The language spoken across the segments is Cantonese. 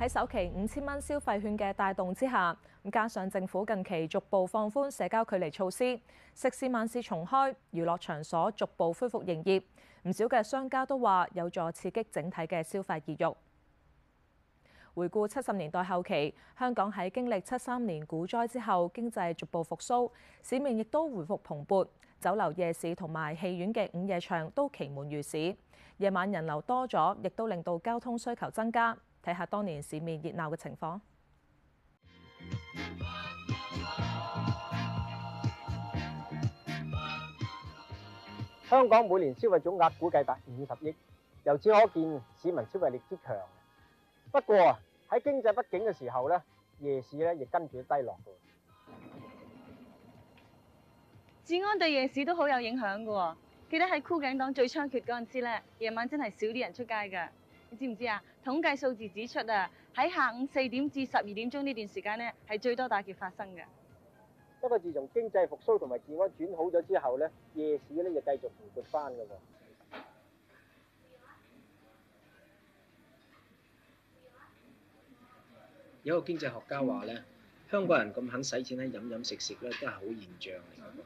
喺首期五千蚊消費券嘅帶動之下，加上政府近期逐步放寬社交距離措施，食肆、晚市重開，娛樂場所逐步恢復營業，唔少嘅商家都話有助刺激整體嘅消費意欲。回顧七十年代後期，香港喺經歷七三年股災之後，經濟逐步復甦，市面亦都回復蓬勃，酒樓、夜市同埋戲院嘅午夜場都其門如市。夜晚人流多咗，亦都令到交通需求增加。睇下當年市面熱鬧嘅情況。香港每年消費總額估計達五十億，由此可見市民消費力之強。不過喺經濟不景嘅時候咧，夜市咧亦跟住低落嘅。治安對夜市都好有影響嘅。記得喺箍頸黨最猖獗嗰陣時咧，夜晚真係少啲人出街㗎。你知唔知啊？統計數字指出啊，喺下午四點至十二點鐘呢段時間咧，係最多打劫發生嘅。不過，自從經濟復甦同埋治安轉好咗之後咧，夜市咧就繼續回復返㗎喎。有個經濟學家話咧，香港人咁肯使錢喺飲飲食食咧，都係好現象嚟嘅。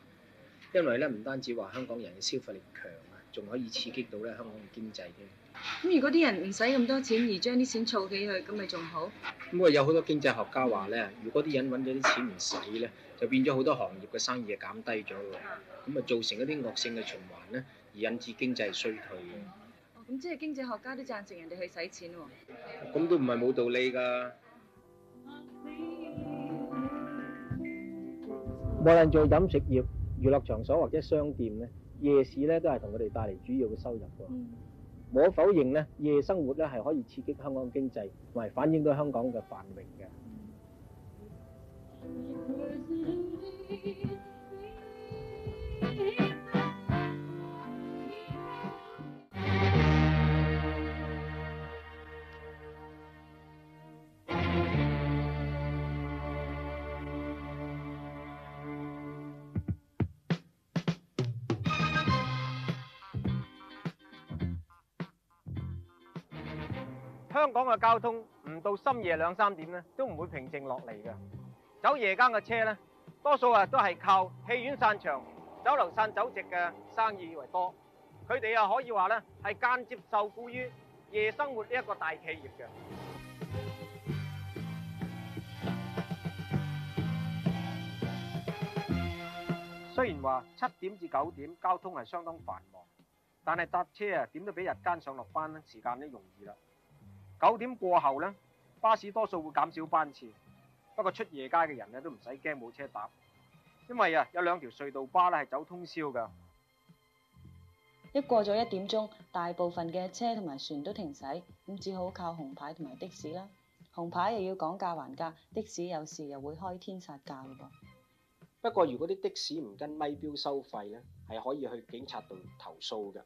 因為咧，唔單止話香港人嘅消費力強。仲可以刺激到咧香港嘅經濟嘅。咁如果啲人唔使咁多錢而將啲錢儲起去，咁咪仲好？咁啊，有好多經濟學家話咧，如果啲人搵咗啲錢唔使咧，就變咗好多行業嘅生意係減低咗喎。咁啊，造成一啲惡性嘅循環咧，而引致經濟衰退嘅。哦，咁即係經濟學家都贊成人哋去使錢喎，哦。咁都唔係冇道理㗎。無論做飲食業、娛樂場所或者商店咧。夜市咧都係同佢哋帶嚟主要嘅收入㗎。冇可、嗯、否認咧，夜生活咧係可以刺激香港經濟，同埋反映到香港嘅繁榮嘅。香港嘅交通唔到深夜兩三點呢都唔會平靜落嚟嘅。走夜間嘅車呢，多數啊都係靠戲院散場、酒樓散酒席嘅生意為多。佢哋啊可以話呢係間接受雇於夜生活呢一個大企業嘅。雖然話七點至九點交通係相當繁忙，但係搭車啊點都比日間上落班呢時間都容易啦。九點過後呢，巴士多數會減少班次，不過出夜街嘅人咧都唔使驚冇車搭，因為啊有兩條隧道巴咧係走通宵㗎。一過咗一點鐘，大部分嘅車同埋船都停駛，咁只好靠紅牌同埋的士啦。紅牌又要講價還價，的士有時又會開天殺價㗎噃。不過如果啲的士唔跟咪標收費呢，係可以去警察度投訴嘅。